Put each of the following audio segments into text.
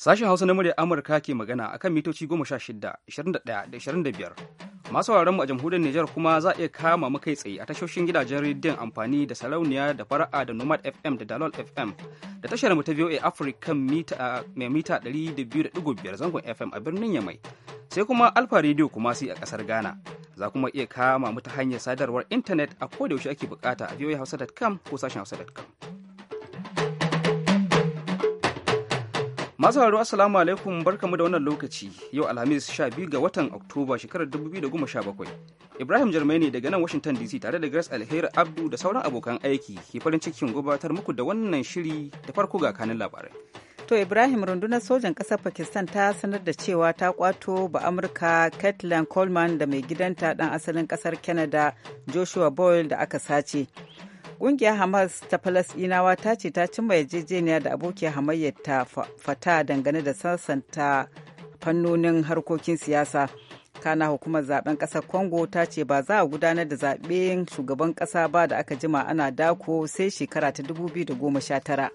Sashen Hausa na murya Amurka ke magana akan mitoci 16, 21 da 25. Masu mu a jamhuriyar Nijar kuma za a iya kama mu kai tsaye a tashoshin gidajen rediyon amfani da sarauniya da fara'a da Nomad FM da Dalol FM da tashar mu ta VOA Africa mai mita 200.5 zangon FM a birnin Yamai. Sai kuma Alfa Radio kuma sai a kasar Ghana. Za kuma iya kama mu ta hanyar sadarwar intanet a ko kodayaushe ake bukata a voahausa.com ko sashen hausa.com. Masauraro Assalamu alaikum barkamu da wannan lokaci yau Alhamis 12 ga watan Oktoba shekarar 2017. Ibrahim Jarmai ne daga nan Washington DC tare da Grace Alheri Abdu da sauran abokan aiki ke farin cikin gabatar muku da wannan shiri da farko ga kanin labarai. To Ibrahim rundunar sojan ƙasar Pakistan ta sanar da cewa ta kwato ba Amurka Caitlin Coleman da mai gidanta dan asalin ƙasar Canada Joshua Boyle da aka sace. Ƙungiyar Hamas ta Falasɗinawa ta ce ta cimma yarjejeniya da abokiyar hamayyar ta fata dangane da sansanta fannonin harkokin siyasa. kana hukumar zaben ƙasar congo ta ce ba za a gudanar da zaben shugaban ƙasa ba da aka jima ana dako sai shekara ta 2019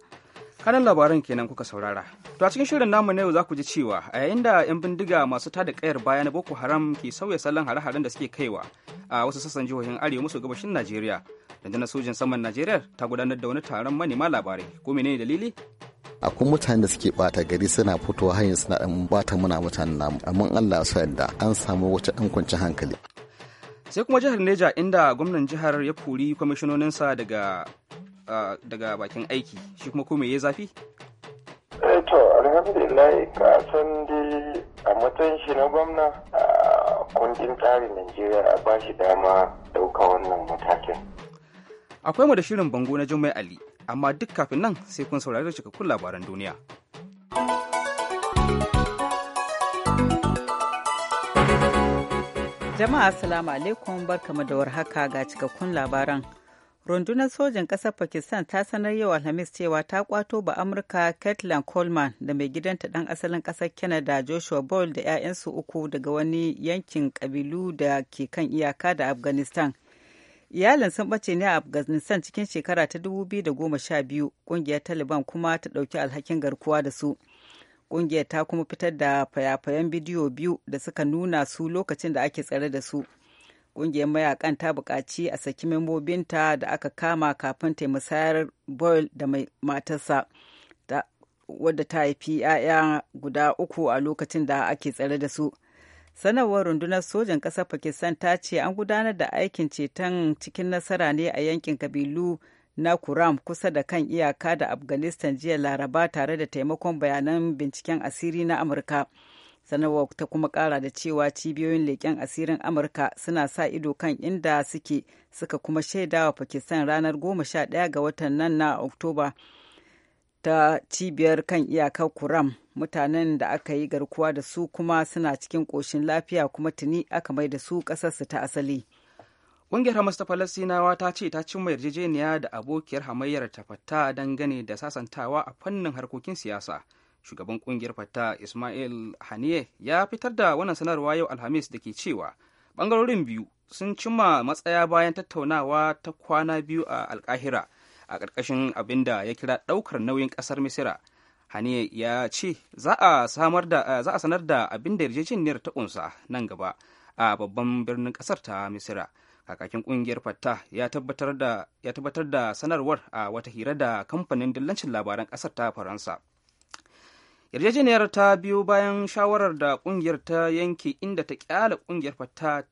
kanan labaran kenan kuka saurara to a cikin shirin namu na yau za ku ji cewa a yayin da 'yan bindiga masu tada kayar baya na boko haram ke sauya salon hare-haren da suke kaiwa a wasu sassan jihohin arewa maso gabashin najeriya rundunar sojin saman najeriya ta gudanar da wani taron manema labarai ko menene dalili akwai mutane da suke bata gari suna fitowa hanyar suna dan bata muna mutanen namu amma Allah ya yadda an samu wata dan kwanci hankali sai kuma jihar Neja inda gwamnan jihar ya kori kwamishinoninsa daga daga bakin aiki shi kuma kome ya zafi eh, to alhamdulillah ka san dai a matsayin shi na gwamna kundin tsarin Najeriya a shi dama ɗauka wannan matakin akwai mu da shirin bango na Jummai Ali, amma duk kafin nan sai kun saurari da cikakkun labaran duniya. Jama'a Assalamu alaikum barkamu da warhaka ga cikakkun labaran. Rundunar sojin ƙasar Pakistan ta sanar yau Alhamis cewa ta kwato ba Amurka Caitlin Coleman da mai gidanta ɗan asalin ƙasar Canada Joshua boll da 'ya'yansu uku daga wani yankin ƙabilu da ke kan iyaka da Afghanistan. Iyalin sun ɓace ne a Afghanistan cikin shekara ta 2012 kungiyar Taliban kuma ta ɗauki alhakin garkuwa da su. Ƙungiyar ta kuma fitar da fayafayan bidiyo biyu da suka nuna su lokacin da ake tsare da su. kungiyar mayakan ta buƙaci a saki membobinta da aka kama kafin ta musayar Boyle da mai matarsa. wadda ta haifi 'ya'ya guda uku a lokacin da ake tsare da su. sanarwar rundunar sojan ƙasar pakistan ta ce an gudanar da aikin ceton cikin nasara ne a yankin kabilu na kuram kusa da kan iyaka da afghanistan jiya laraba tare da taimakon bayanan binciken asiri na amurka sanarwar ta kuma kara da cewa cibiyoyin leƙen asirin amurka suna sa ido kan inda suke suka kuma shaida wa pakistan ranar goma sha ɗaya ga watan nan na oktoba ta cibiyar kan iyakar kuram mutanen da aka yi garkuwa da su kuma suna cikin ƙoshin lafiya kuma tuni aka mai da su ƙasarsu ta asali ƙungiyar hamas ta falasinawa ta ce ta cimma yarjejeniya da abokiyar hamayyar ta fata dangane da sasantawa a fannin harkokin siyasa shugaban ƙungiyar fata ismail haniye ya fitar da wannan sanarwa yau alhamis da ke cewa ɓangarorin biyu sun cimma matsaya bayan tattaunawa ta kwana biyu a alkahira a ƙarƙashin abin da ya kira ɗaukar nauyin ƙasar misira haniye ya ce za a sanar da abin da yarjejeniyar ta kunsa nan gaba a babban birnin kasar ta misira kakakin kungiyar fatta ya tabbatar da sanarwar a wata hira da kamfanin dillancin labaran kasar ta faransa yarjejeniyar ta biyo bayan shawarar da kungiyar ta yanke inda ta kyala kungiyar fatta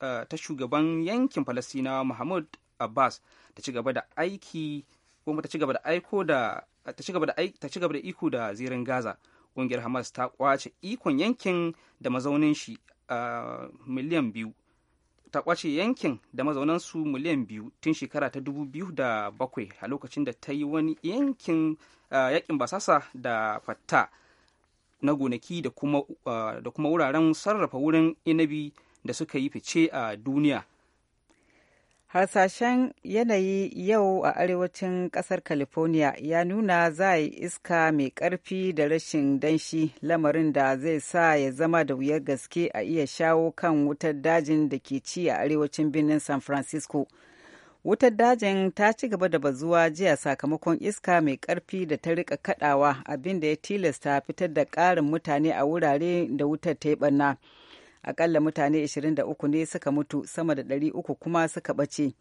eh, ta shugaban yankin falasina mahmud abbas ta ci gaba da aiki kuma ta ci gaba da aiko da ta ci gaba da iko da zirin gaza ƙungiyar hamas ta kwace ikon yankin da mazaunin shi miliyan biyu ta kwace yankin da mazaunansu miliyan biyu tun shekara ta dubu biyu da bakwai a lokacin da ta yi wani yankin yakin basasa da fata na gonaki da kuma wuraren sarrafa wurin inabi da suka yi fice a duniya Hasashen yanayi yau a arewacin ƙasar california ya nuna za a yi iska mai karfi da rashin danshi lamarin da zai sa ya zama da wuyar gaske a iya shawo kan wutar dajin da ke ci a arewacin birnin san francisco wutar dajin ta ci gaba da bazuwa jiya sakamakon iska mai ƙarfi da ta rika kadawa abinda ya tilasta fitar da ƙarin mutane a wurare da wutar ta yi barna. akalla mutane 23 ne suka mutu sama da 300 kuma suka ɓace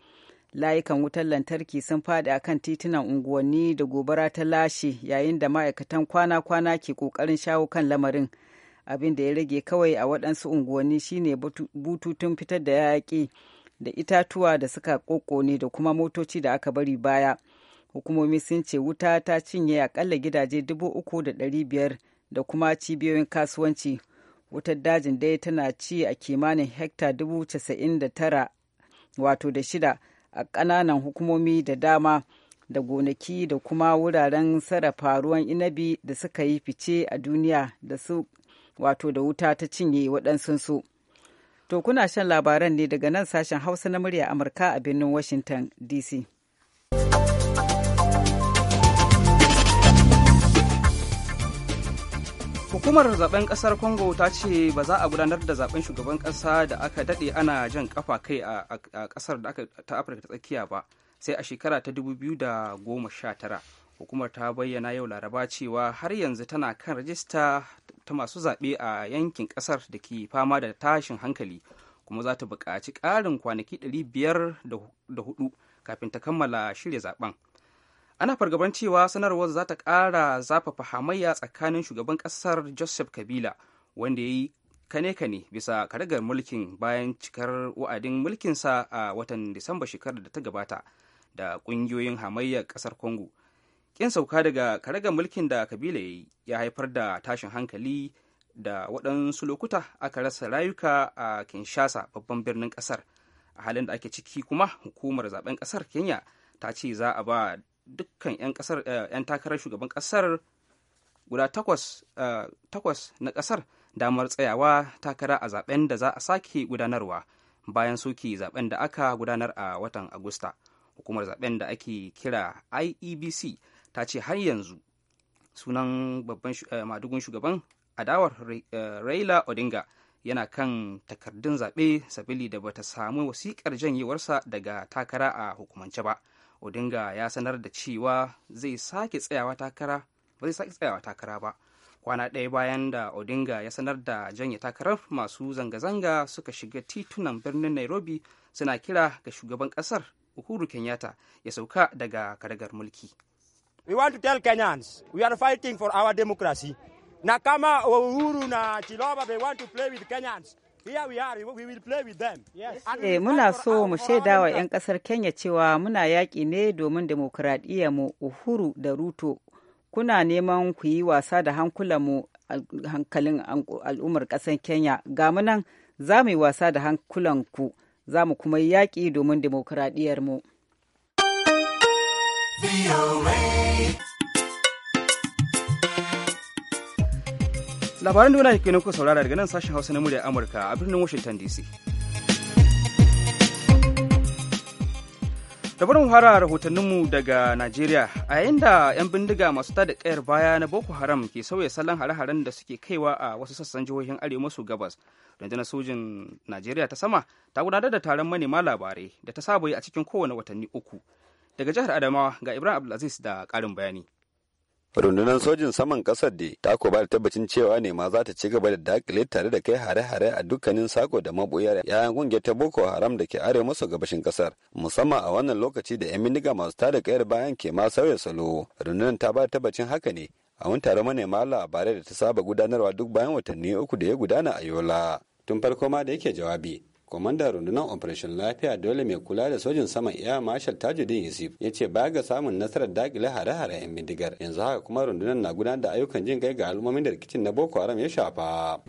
layukan wutar lantarki sun faɗi akan titunan unguwanni da gobara ta lashe yayin da ma'aikatan kwana-kwana ke ƙoƙarin shawo kan lamarin abin da ya rage kawai a waɗansu unguwanni shine bututun fitar da yaƙi da itatuwa da suka ƙoƙone da kuma motoci da aka bari baya hukumomi sun ce wuta ta cinye akalla gidaje dubu uku da ɗari biyar da kuma cibiyoyin kasuwanci wutar dajin dai tana ci a kimanin hekta dubu casa'in da tara wato da shida a ƙananan hukumomi da dama da gonaki da kuma wuraren sarrafa ruwan inabi da suka yi fice a duniya da su wato da wuta ta cinye waɗansunsu. To kuna shan labaran ne daga nan sashen Hausa na murya Amurka a birnin Washington DC. hukumar zaben kasar congo ta ce ba za a gudanar da zaben shugaban kasa da aka dade ana jan kafa kai a kasar da aka ta afirka ta tsakiya ba sai a shekara ta 2019 hukumar ta bayyana yau laraba cewa har yanzu tana kan rajista ta masu zaɓe a yankin kasar da ke fama da tashin hankali kuma za ta buƙaci ƙarin kwanaki 504 kafin ta kammala shirya zaben ana fargaban cewa sanarwar za ta ƙara zafafa hamayya tsakanin shugaban ƙasar joseph kabila wanda ya yi kane-kane bisa karagar mulkin bayan cikar wa'adin mulkinsa a watan disamba shekarar da ta gabata da ƙungiyoyin hamayyar ƙasar congo ƙin sauka daga karagar mulkin da kabila ya ya haifar da tashin hankali da waɗansu lokuta aka rasa rayuka a kinshasa babban birnin ƙasar a halin da ake ciki kuma hukumar zaben ƙasar kenya ta ce za a ba dukkan 'yan eh, takarar shugaban ƙasar guda eh, takwas na ƙasar damar tsayawa takara a zaben da za a sake gudanarwa bayan soke zaben da aka gudanar a watan agusta hukumar zaben da ake kira iebc ta ce har yanzu sunan babban eh, madugun shugaban adawar raila odinga yana kan takardun zaɓe sabili da bata samu wasiƙar janyewarsa daga takara a hukumance ba odinga ya sanar da cewa zai sake tsayawa takara ba zai sake tsayawa takara ba kwana ɗaya bayan da odinga ya sanar da janye takarar masu zanga-zanga suka shiga titunan birnin nairobi suna kira ga shugaban ƙasar uhuru kenyatta ya sauka daga karagar mulki we want to tell kenyans we are fighting for our democracy na kama uhuru na chiloba they want to play with kenyans Eh, muna so mu shaida wa 'yan kasar Kenya cewa muna yaƙi ne domin mu Uhuru da Ruto. Kuna neman ku yi wasa da hankulanmu hankalin al'ummar ƙasar Kenya. Ga mu nan za mu yi wasa da hankulanku, za mu kuma yi yaƙi domin mu. labaran duniya nan ku saurara daga nan sashen hausa na murya amurka a birnin washington dc da barin fara rahotanninmu daga najeriya a yayin da 'yan bindiga masu tada kayar baya na boko haram ke sauya salon hare-haren da suke kaiwa a wasu sassan jihohin arewa maso gabas rundunar sojin najeriya ta sama ta gudanar da taron manema labarai da ta saba yi a cikin kowane watanni uku daga jihar adamawa ga ibrahim abdulaziz da karin bayani rundunar sojin saman kasar da ta ko ba da tabbacin cewa ne ma za ta ci gaba da dakile tare da kai hare-hare a dukkanin sako da mabuyar yayan kungiyar ta boko haram da ke arewa maso gabashin kasar musamman a wannan lokaci da yan bindiga masu tada kayar bayan ke ma sauya salo rundunar ta ba da tabbacin haka ne a wani taron manema labarai da ta saba gudanarwa duk bayan watanni uku da ya gudana a yola tun farko ma da yake jawabi Kwamandan rundunar Operation Lafiya dole mai kula da sojin saman Air Marshal Tajuddin Yusuf ya ce baya ga samun nasarar dakile hare-hare 'yan bindigar. Yanzu haka kuma rundunar na gudanar da ayyukan jin kai ga al'ummomin da rikicin na Boko Haram ya shafa.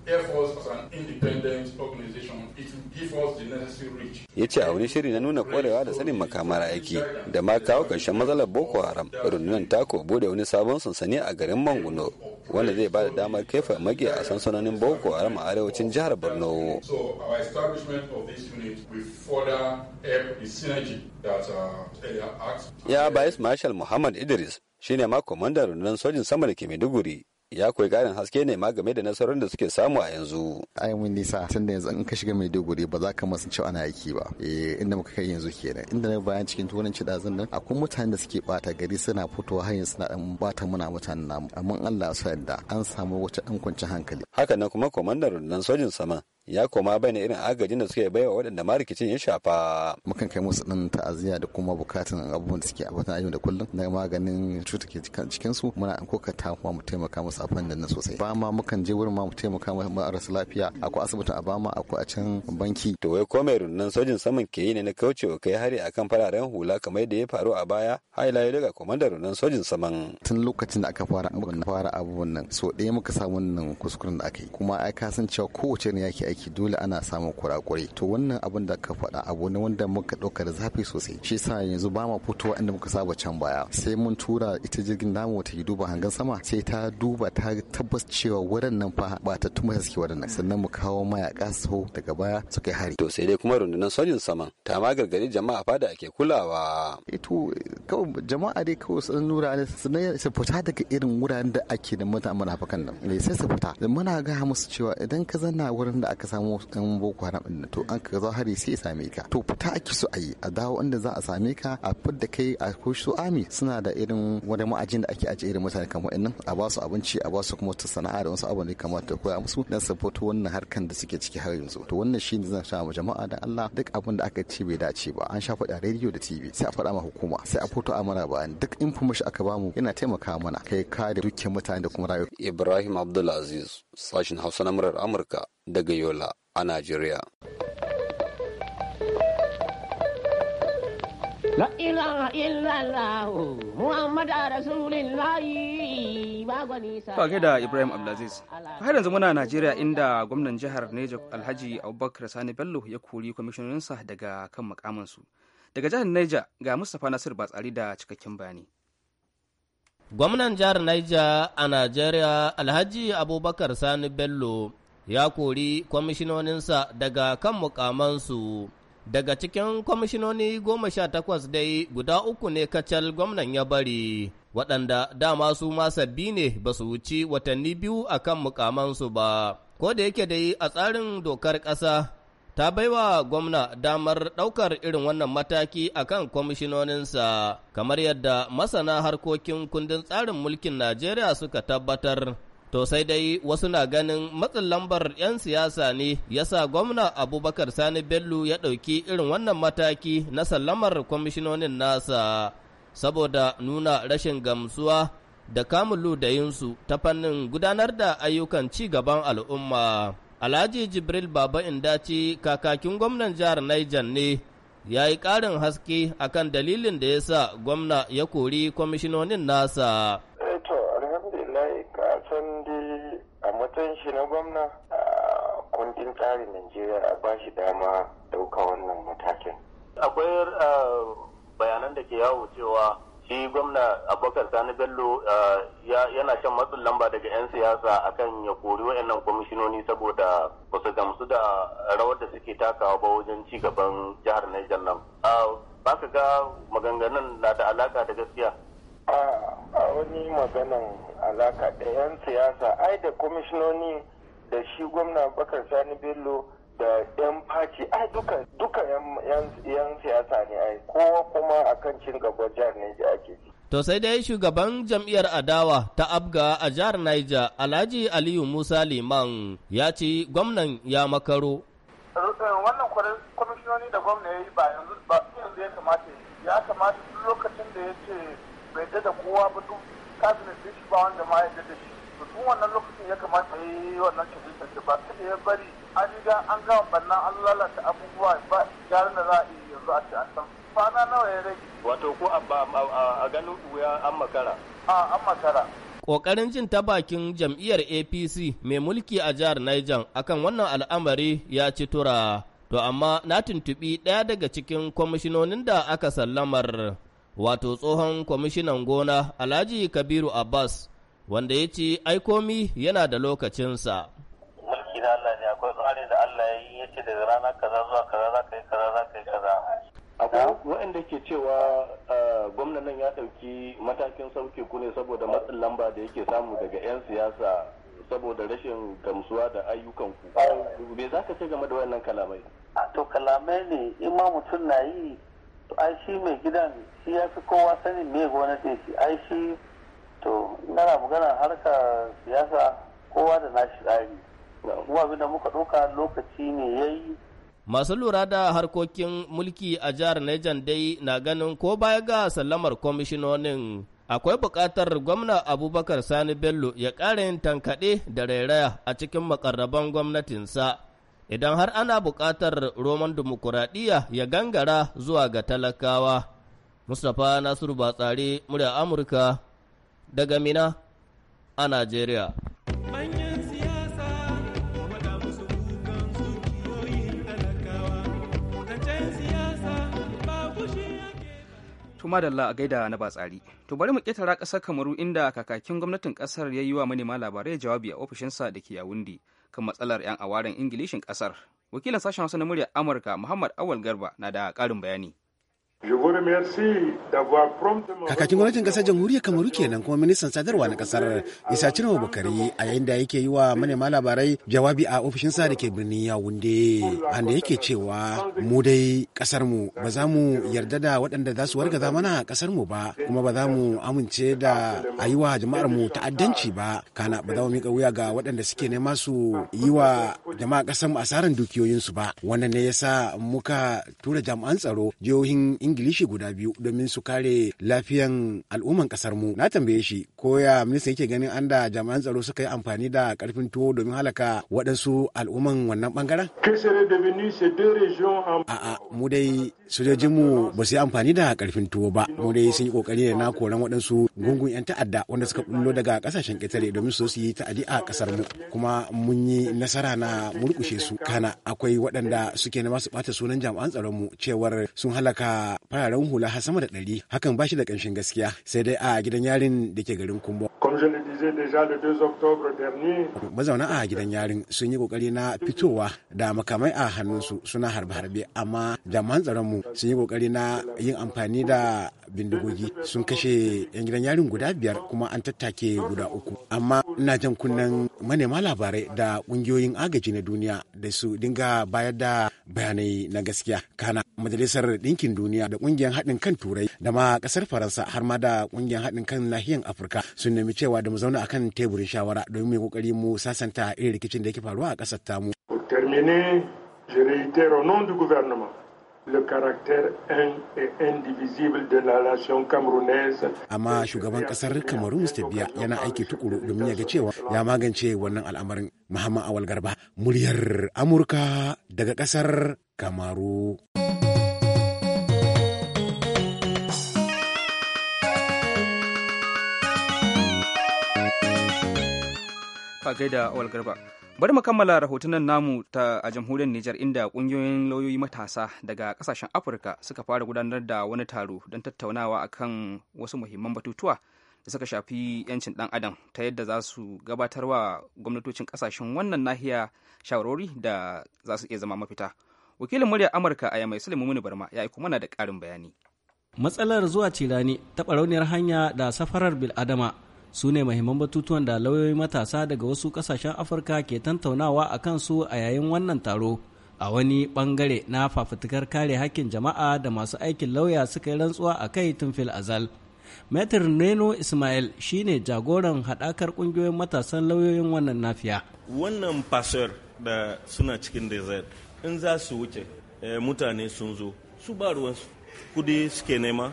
Ya ce a wani shiri na nuna korewa da sanin makamar aiki da ma kawo ƙarshen matsalar Boko Haram. Rundunar ta kobo da wani sabon sansani a garin Manguno wanda zai ba da damar kefa mage a sansanonin boko haram a arewacin jihar borno uh, ya bayis marshal muhammad idris shine ma kwamandan rundunar sojin sama da ke maiduguri ya koyi ƙarin haske ne ma game da nasarar da suke samu a yanzu. Ai mun nisa tun da yanzu in ka shiga Maiduguri ba za ka masu cewa ana aiki ba. Eh inda muka kai yanzu kenan. Inda na bayan cikin turanci da zan nan akwai mutanen da suke bata gari suna fitowa yanzu suna dan bata muna mutanen namu. Amma Allah ya sa an samu wata dan kwanci hankali. Haka nan kuma kwamandan rundunar sojin sama ya koma bane irin agajin da suke baiwa waɗanda ma rikicin ya shafa. Mukan kai musu ɗin ta'aziyya da kuma bukatan abubuwan da suke a fatan ayyuka da kullum na maganin cuta ke cikin su muna an ta kuma mu taimaka musu a fannin nan sosai. Ba ma mukan je wurin ma mu taimaka musu marasa lafiya akwai asibitin a bama akwai a can banki. To wai mai rundunar sojin saman ke yi ne na kauce wa kai hari akan fararen hula kamar yadda ya faru a baya haila ya daga komandar rundunar sojin saman. Tun lokacin da aka fara abubuwan nan so ɗaya muka samu wannan kuskuren da aka yi kuma ai ka cewa kowace ne yaki aiki dole ana samun kurakure to wannan abin da ka faɗa abu ne wanda muka ɗauka da zafi sosai shi sa yanzu ba ma fitowa inda muka saba can baya sai mun tura ita jirgin namu ta yi duba hangen sama sai ta duba ta tabbas cewa wurin nan fa ba ta tuma haske wurin nan sannan mu kawo mayaka su daga baya suka hari to sai dai kuma rundunar sojin sama ta ma gargadi jama'a fada ake kulawa ito eh kawai jama'a dai kawai sun nura ne sannan su fita daga irin wuraren da ake da mutane munafukan nan ne eh sai su fita muna ga musu cewa idan ka zanna wurin da ka samu yan boko haram din to an ka zo hari sai ya same ka to fita ake so a yi a dawo inda za a same ka a fidda kai a koshi su ami suna da irin wani ma'ajin da ake ajiye irin mutane kamar nan a ba su abinci a ba su kuma ta sana'a da wasu abu ne kamar ta koya musu dan sapoto wannan harkan da suke ciki har yanzu to wannan shine zan sha ma jama'a da Allah duk abin da aka ce bai dace ba an sha faɗa rediyo da TV sai a faɗa ma hukuma sai a foto a mana bayan duk information aka bamu yana taimaka mana kai da dukkan mutane da kuma rayuwa Ibrahim Abdulaziz sashen Hausa na murar Amurka daga Yola a Najeriya. La ilaha illallah Muhammad Rasulullah ba da Ibrahim Abdulaziz. Har yanzu muna Najeriya inda gwamnan jihar Neja Alhaji Abubakar Sani Bello ya kori kwamishinansa daga kan makamansu. Daga jihar Neja ga Mustapha Nasir Batsari da cikakken bayani. Gwamnan jihar Niger a Najeriya Alhaji Abubakar Sani Bello ya kori kwamishinoninsa daga kan mukamansu. Daga cikin kwamishinoni goma sha takwas dai guda uku ne kacal gwamnan ya bari, waɗanda dama su ma sabbi ne ba su wuci watanni biyu a kan mukamansu ba. Ko da yake dai a tsarin dokar ƙasa ta baiwa gwamna damar ɗaukar irin wannan mataki a kan kwamishinoninsa kamar yadda masana harkokin kundin tsarin mulkin Najeriya suka tabbatar. To sai dai wasu na ganin matsin lambar 'yan siyasa ne ya sa gwamna Abubakar Sani Bello ya ɗauki irin wannan mataki na sallamar kwamishinonin nasa saboda nuna rashin gamsuwa da kamun ludayinsu ta fannin gudanar da ayyukan ci gaban al'umma. Alhaji Jibril Baba Indaci kakakin gwamnan jihar Niger ne ya yi ƙarin haske akan dalilin da ya sa gwamna ya kori kwamishinonin nasa. Eto, eh, alhamdulillah san dai a matsayin shi na gwamna a kundin tsarin Najeriya a ba shi dama ɗauka wannan matakin. Akwai eh, bayanan da ke yawo cewa shi gwamna abubakar sani bello yana shan matsin lamba daga 'yan siyasa akan ya kori wayannan kwamishinoni saboda ba su gamsu da rawar da suke takawa ba wajen ci gaban jihar Niger nan ba ka ga maganganun na da alaka da gaskiya a wani maganan alaka da 'yan siyasa ai da kwamishinoni da shi gwamna abubakar sani bello da yan faci ai duka duka yan siyasa ne ai kowa kuma akan cin gaba jihar Niger ake ji To sai dai shugaban jam'iyyar adawa ta abga a jihar Niger Alhaji Aliyu Musa Liman ya ce gwamnan ya makaro. Eh, wannan kwamishinoni da gwamna ya yi ba yanzu ba yanzu ya kamata ya kamata duk lokacin da ya ce bai da kowa ba duk kabinet shi ba wanda ma ya da shi to tun wannan lokacin ya kamata ya yi wannan kabilitar da ba ta ya bari an riga an gama bannan an lalata abubuwa ba gyara da za a yi yanzu a ce an san nawa ya rage. Wato ko a ganin wuya an makara. A an makara. Ƙoƙarin jin ta bakin jam'iyyar APC mai mulki a jihar Niger akan wannan al'amari ya ci tura. To amma na tuntuɓi ɗaya daga cikin kwamishinonin da aka sallamar wato tsohon kwamishinan gona Alhaji Kabiru Abbas wanda ya ce aikomi yana da lokacinsa. Mulki da Allah ne akwai tsari da Allah ya yi ce daga rana kaza zuwa kaza za ka yi za ka yi kaza. waɗanda ke cewa ah, gwamnan ya ɗauki matakin sauke ku ne saboda matsin lamba da yake samu daga 'yan siyasa saboda rashin gamsuwa da ayyukan ku. Me za ka ce game da wannan kalamai? A to kalamai ne in ma mutum na yi to ai shi mai gidan shi ya fi kowa sanin me gwamnati shi ai shi to nana magana harka siyasa kowa da nashi tsari kuma abinda muka ɗauka lokaci ne ya masu lura da harkokin mulki a jihar Niger dai na ganin ko baya ga sallamar kwamishinonin akwai buƙatar gwamna abubakar sani bello ya ƙara yin tankaɗe da rairaya a cikin makarraban gwamnatinsa idan har ana buƙatar roman dimokuraɗiyya ya gangara zuwa ga talakawa mustapha nasiru batsari murya amurka daga Mina a Najeriya. tuma da a gaida na batsari to bari mu ƙetara ƙasar kamaru inda kakakin gwamnatin ƙasar ya yi wa manema labarai jawabi a ofishinsa da ke yawundi kan matsalar 'yan awaren ingilishin ƙasar wakilin sashen hausa na muryar amurka muhammad awal garba na da ƙarin bayani Kakakin gwamnatin kasar jamhuriyar Kamaru kenan kuma ministan sadarwa na kasar Isa Cinawa Bukari a yayin da yake yi wa manema labarai jawabi a ofishin sa da ke birnin Yawunde wanda yake cewa mu dai kasar mu ba za mu yarda da waɗanda za su wargaza mana kasar mu ba kuma ba za mu amince da a yi wa jama'ar mu ta'addanci ba kana ba za mu mika wuya ga waɗanda suke nema su yi wa jama'a kasar mu asaran su ba wannan ne yasa muka tura jami'an tsaro jihohin ingilishi guda biyu domin su kare lafiyan al'umman kasar mu na tambaye shi ko ya minista yake ganin an da jami'an tsaro suka yi amfani da karfin tuwo domin halaka waɗansu al'umman wannan bangaren a'a mu dai sojojinmu ba su yi amfani da karfin tuwo ba mu dai sun yi kokari da na koran waɗansu gungun 'yan ta'adda wanda suka bullo daga kasashen ƙetare domin su yi ta'adi a ƙasar mu kuma mun yi nasara na murkushe su kana akwai waɗanda suke na masu ɓata sunan jami'an tsaron mu cewar sun halaka fararen hula har sama da ɗari hakan ba shi da ƙanshin gaskiya sai dai a gidan yarin da ke garin kumbo mazauna a gidan yarin sun yi kokari na fitowa da makamai a hannunsu suna harbe-harbe amma jami'an tsaron mu sun yi kokari na yin amfani da bindigogi sun kashe yan gidan yarin guda biyar kuma an tattake guda uku amma ina jan kunnen manema labarai da kungiyoyin agaji na duniya da su dinga bayar da bayanai na gaskiya kana majalisar ɗinkin duniya da kungiyar haɗin kan turai da ma ƙasar faransa har ma da kungiyar haɗin kan nahiyar afirka sun nemi cewa da mu zauna akan teburin shawara domin mu kokari mu sasanta irin rikicin da yake faruwa a ƙasar tamu. je réitère au du gouvernement le caractère un et indivisible de la nation camerounaise. Amma shugaban kasar cameroon Mr. Biya yana aiki tukuru domin ya ga cewa ya magance wannan al'amarin Muhammad Awal Garba muryar Amurka daga kasar Kamaru. Ba da Awal Garba. bari mu kammala rahotunan namu ta a jamhuriyar Nijar inda kungiyoyin lauyoyi matasa daga kasashen Afirka suka fara gudanar da wani taro don tattaunawa akan wasu muhimman batutuwa da suka shafi 'yancin dan adam ta yadda za su gabatar wa gwamnatocin kasashen wannan nahiya shawarwari da za su iya zama mafita. Wakilin murya Amurka a Yamai Muni Barma ya kuma mana da ƙarin bayani. Matsalar zuwa cirani ta barauniyar hanya da safarar bil'adama su ne mahimman batutuwan da lauyoyi matasa daga wasu kasashen afirka ke tantaunawa a kansu a yayin wannan taro a wani bangare na fafutukar kare hakkin jama'a da masu aikin lauya suka yi rantsuwa a kai tun fil azal metr Neno Ismail shine jagoran haɗakar ƙungiyoyin matasan lauyoyin wannan nafiya. Wannan fasar da suna cikin desert in za su wuce eh, mutane sun zo su ba ruwansu kudi suke nema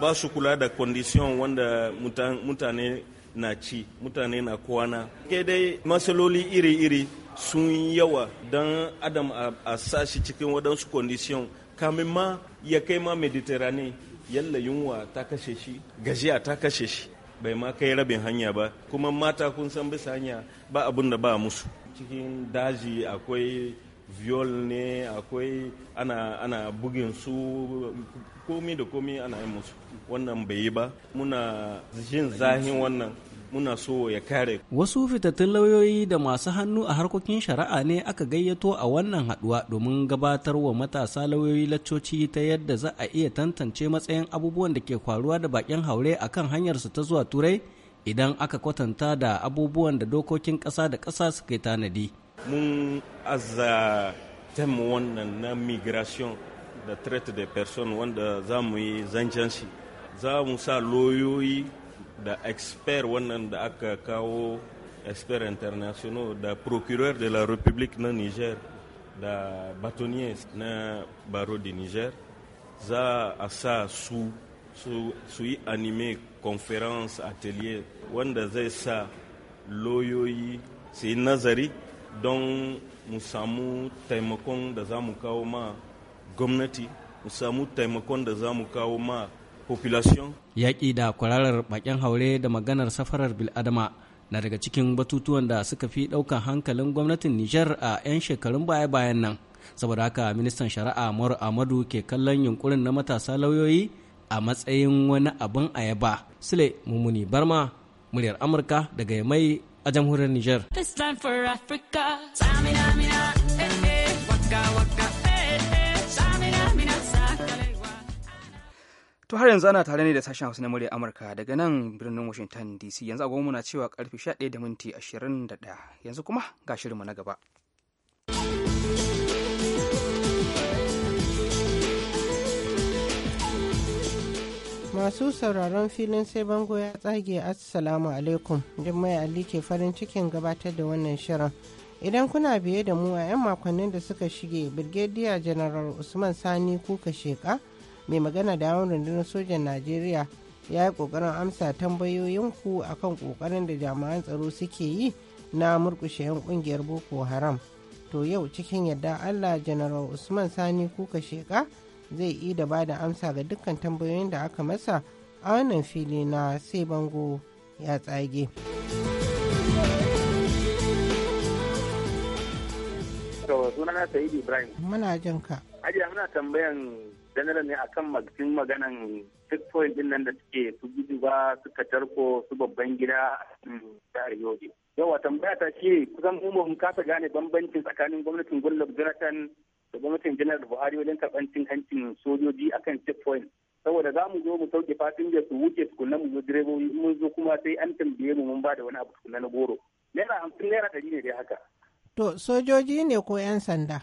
ba su kula da condition wanda mutane na ci mutane na kwana ke dai masaloli iri-iri sun yawa don adam a sashi cikin waɗansu kondisiyon kamin ma ya kai ma mediterane yalla yunwa ta kashe shi gajiya ta kashe shi bai ma kai rabin hanya ba kuma mata kun san bisa hanya ba abin da ba musu cikin daji akwai viol ne akwai ana, ana bugin su komi da komi ana yin musu wannan bai yi ba muna jin zahin wannan muna so ya kare. Wasu fitattun lauyoyi da masu hannu a harkokin shari'a ne aka gayyato a wannan haduwa domin gabatar wa matasa lauyoyi laccoci ta yadda za a iya tantance matsayin abubuwan da ke faruwa da bakin haure a kan hanyarsu ta zuwa turai idan aka kwatanta da abubuwan da dokokin ƙasa da ƙasa suka yi tanadi. Mun azza wannan na migration da threat da person wanda za mu yi zancen shi. Za mu sa lauyoyi. da expert da aka kawo expert international da procureur de la République na niger da batonier na baro de niger za a sa su su yi anime conference atelier wanda zai sa loyoyi su yi nazari don mu samu taimakon da za mu kawo ma gwamnati mu samu taimakon da za mu kawo ma Yaƙi da kwararar bakin haure da maganar safarar bil'adama na daga cikin batutuwan da suka fi ɗaukar hankalin gwamnatin Nijar a 'yan shekarun baya-bayan nan. Saboda haka ministan shari'a Mor Amadu ke kallon yunkurin na matasa lauyoyi a matsayin wani abin ayaba. Sule Mumuni Barma, muryar Amurka daga mai a jamhuriyar Nijar. To har yanzu ana tare ne da sashen Hausa na murya Amurka daga nan birnin Washington DC yanzu agogo muna cewa karfe 11 da minti 21 yanzu kuma ga shirinmu na gaba. Masu sauraron filin sai bango ya tsage Assalamu alaikum mai Ali ke farin cikin gabatar da wannan shirin. Idan kuna biye da mu a 'yan makonnin da suka shige Birgediya General Usman Sani kuka sheka mai magana da yawon rundunar sojan najeriya ya yi kokarin amsa tambayoyin ku akan kokarin da jami'an tsaro suke yi na murkushe 'yan kungiyar boko haram to yau cikin yadda allah general usman sani kuka sheka zai yi da ba da amsa ga dukkan tambayoyin da aka masa a wannan fili na sai bango ya tsage muna jinka ajiya muna tambayan general ne akan magcin maganan point din nan da suke su gudu ba suka tarko su babban gida jihar yobe yawa tambaya ta shi kusan mu mun kasa gane bambancin tsakanin gwamnatin goodluck jonathan da gwamnatin janar buhari wajen karɓar cin hancin sojoji akan point saboda za mu zo mu sauke fasinja su wuce tukunna mu zo direbobi mun zo kuma sai an tambaye mu mun ba da wani abu tukunna na goro naira hamsin naira ɗari ne dai haka. to sojoji ne ko 'yan sanda.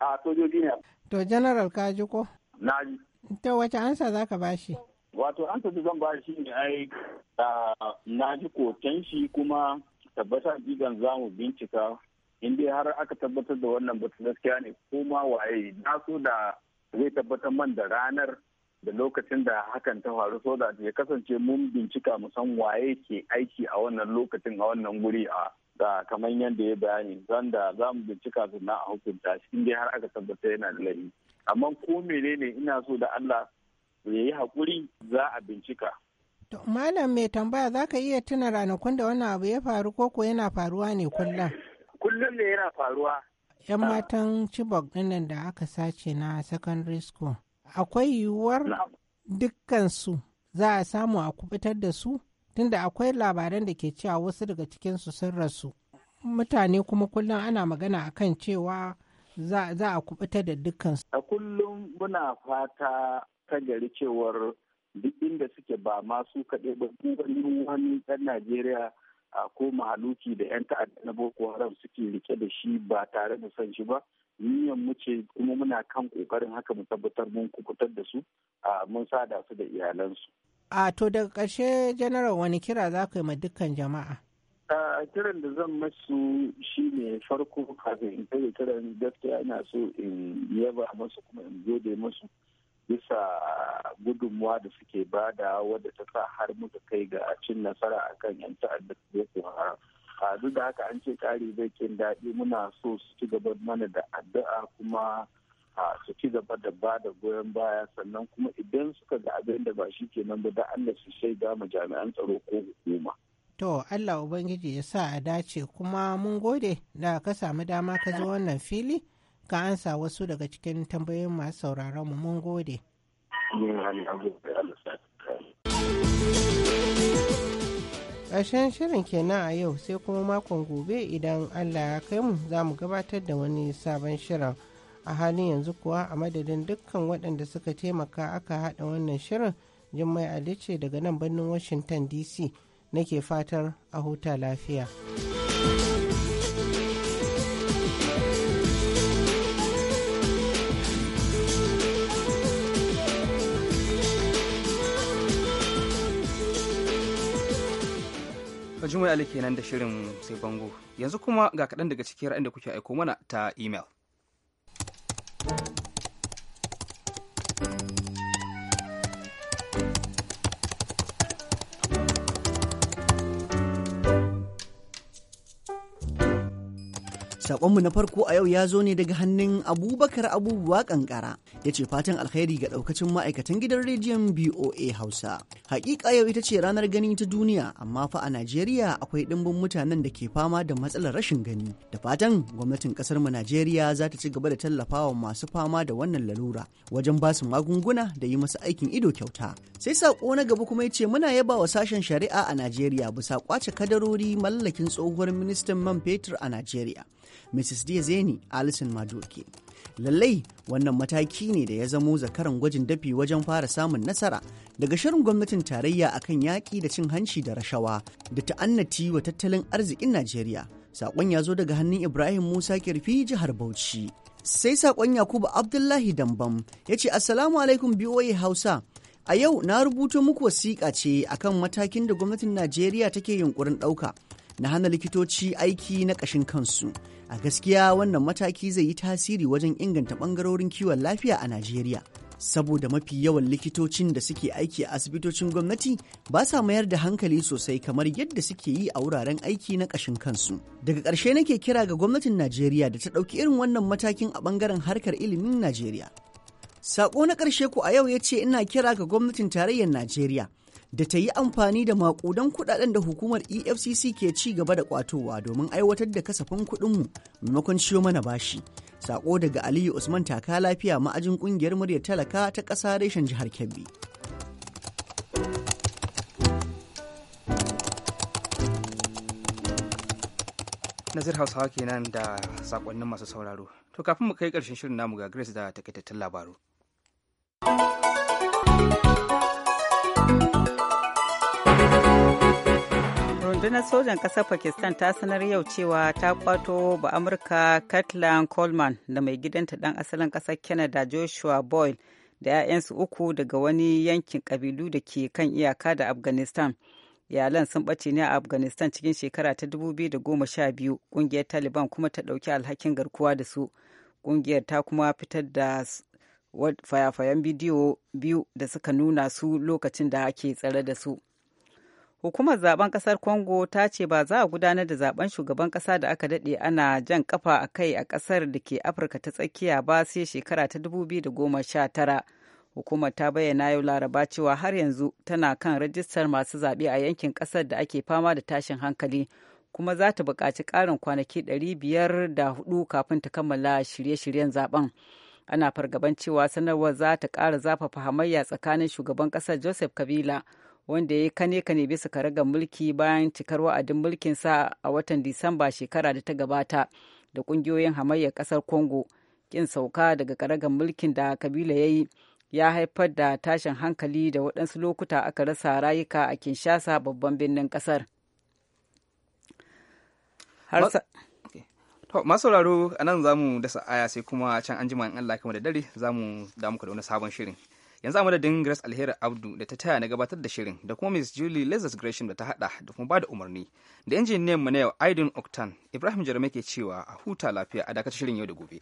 a sojoji ne. to general kaji ko. na yi. Ta wace ansa za ka bashi? Wato ansa da zan bashi ne ai na ji koken shi kuma tabbatar gigan za mu bincika in dai har aka tabbatar da wannan batu gaskiya ne kuma waye na so da zai tabbatar man da ranar da lokacin da hakan ta faru so da ya kasance mun bincika musan waye ke aiki a wannan lokacin a wannan guri a da kamar yadda ya bayani zan da za mu bincika suna a hukunta shi har aka tabbatar yana da laifi. amma ko menene ina so da Allah ya yi haƙuri za a bincika. Malam mai tambaya za ka iya tuna ranakun da wannan abu ya faru ko ko yana faruwa ne kullum? Kullum ne yana faruwa. ‘Yan matan Chibok ɗinnan da aka sace na secondary school, akwai yiwuwar dukkansu za a samu a kubutar da su? Tunda akwai labaran da ke cewa wasu daga cikinsu sun rasu. Mutane kuma kullum ana magana akan cewa za a kubuta da dukkan a kullum muna fata ta gari cewar duk inda suke ba masu kaɗai ba wani wani ɗan najeriya a ko mahaluki da 'yan ta'adda na boko haram suke rike da shi ba tare da son shi ba niyan mu ce kuma muna kan kokarin haka mu tabbatar mun kubutar da su a mun sada su da iyalansu a to daga ƙarshe janaral wani kira za ka yi ma dukkan jama'a kiran da zan masu shi ne farko kafin in kai kiran gaskiya ina so in yaba masu kuma in gode masu bisa gudunmuwa da suke bada wadda ta sa har muka kai ga cin nasara akan yan ta'adda su zai a duk da haka an ce kari zai kin daɗi muna so su ci gaba mana da addu'a kuma su ci gaba da ba da goyon baya sannan kuma idan suka ga abin da ba shi kenan ba da Allah su shaida ma jami'an tsaro ko hukuma. To Allah Ubangiji ya sa a dace kuma mun gode da ka samu dama ka zo wannan fili ka ansa wasu daga cikin tambayoyin masu sauraron mu mun gode. Ƙarshen shirin kenan a yau sai kuma makon gobe idan Allah ya kai mu za mu gabatar da wani sabon shirin. A halin yanzu kuwa a madadin dukkan waɗanda suka taimaka aka haɗa wannan shirin Jummai mai daga nan birnin Washington DC. nake fatar a huta lafiya. Ali kenan da shirin sai bango yanzu kuma ga kaɗan daga cikin ra'ayin da kuke aiko mana ta imel. Sakonmu na farko a yau ya zo ne daga hannun Abubakar Abubuwa Kankara ya ce fatan alkhairi ga ɗaukacin ma'aikatan gidan rediyon BOA Hausa. haƙiƙa yau ita ce ranar gani ta duniya amma fa a Najeriya akwai ɗimbin mutanen da ke fama da matsalar rashin gani. Da fatan gwamnatin kasar mu Najeriya za ta ci gaba da tallafawa masu fama da wannan lalura wajen ba su magunguna da yi masu aikin ido kyauta. Sai saƙo na gaba kuma ya ce muna yaba wa sashen shari'a a Najeriya bisa kwace kadarori mallakin tsohuwar ministan man fetur a Najeriya. Mrs. Diazeni Alison Maduke. Lallai wannan mataki ne da ya zamo zakaran gwajin dafi wajen fara samun nasara daga shirin gwamnatin tarayya akan yaƙi da cin hanci da rashawa da ta'annati wa tattalin arzikin Najeriya. Saƙon ya zo daga hannun Ibrahim Musa Kirfi jihar Bauchi. Sai saƙon Yakubu Abdullahi Dambam ya ce Assalamu alaikum BOA Hausa. A yau na rubuto muku wasiƙa ce akan matakin da gwamnatin Najeriya take yunkurin ɗauka na hana likitoci aiki na ƙashin kansu. A gaskiya wannan mataki zai yi tasiri wajen inganta ɓangarorin kiwon lafiya a Najeriya. Saboda mafi yawan likitocin da suke aiki a asibitocin gwamnati ba sa mayar da hankali sosai kamar yadda suke yi a wuraren aiki na ƙashin kansu. Daga ƙarshe nake kira ga gwamnatin Najeriya da ta ɗauki irin wannan matakin a ɓangaren harkar ilimin Najeriya. Sako na ƙarshe ku a yau ya ce ina kira ga gwamnatin tarayyar Najeriya da ta yi amfani da makudan kudaden da hukumar efcc ke ci gaba da kwatowa domin aiwatar da kasafin kudinmu maimakon ciyo mana bashi sako daga aliyu usman taka lafiya ma'ajin kungiyar muryar talaka ta ƙasa reshen jihar kebbi nazir hausawa kenan da sakonnin masu sauraro to kafin mu kai karshen shirin namu ga grace da takaitattun labaru rundunar sojan ƙasar pakistan ta sanar yau cewa ta kwato ba amurka Kathleen coleman da mai gidanta dan asalin ƙasar canada joshua boyle da 'ya'yansu uku daga wani yankin ƙabilu da ke kan iyaka da afghanistan iyalan sun bace ne a afghanistan cikin shekara ta 2012 ƙungiyar taliban kuma ta ɗauki alhakin garkuwa da su kungiyar ta kuma fitar da fayafayan bidiyo biyu da suka nuna su lokacin da ake tsare da su hukumar zaben kasar congo ta ce ba za a gudanar da zaben shugaban kasa da aka daɗe ana jan kafa a kai a kasar da ke afirka ta tsakiya ba sai shekara ta 2019 hukumar ta bayyana yau laraba cewa har yanzu tana kan rajistar masu zaɓe a yankin kasar da ake fama da tashin hankali kuma za ta buƙaci ƙarin kwanaki 504 kafin ta kammala shirye-shiryen zaben. ana fargaban cewa sanarwar za ta ƙara zafafa hamayya tsakanin shugaban ƙasar joseph kabila wanda ya yi kane kane bisa karagar mulki bayan cikar wa'adin mulkinsa a watan disamba shekara da ta gabata da kungiyoyin hamayyar kasar congo kin sauka daga karagar mulkin da kabila ya yi ya haifar da tashin hankali da waɗansu lokuta aka rasa rayuka a kinshasa babban birnin kasar To, masauraro a nan za mu dasa aya sai kuma can an in Allah kama da dare za mu damu da wani sabon shirin. yanzu a madadin grace alheri abdu da ta taya na gabatar da shirin da kuma miss julie lezas gresham da ta hada da kuma ba da umarni da injiniyan mu na yau aidin octan ibrahim jarumai ke cewa a huta lafiya a dakatar shirin yau da gobe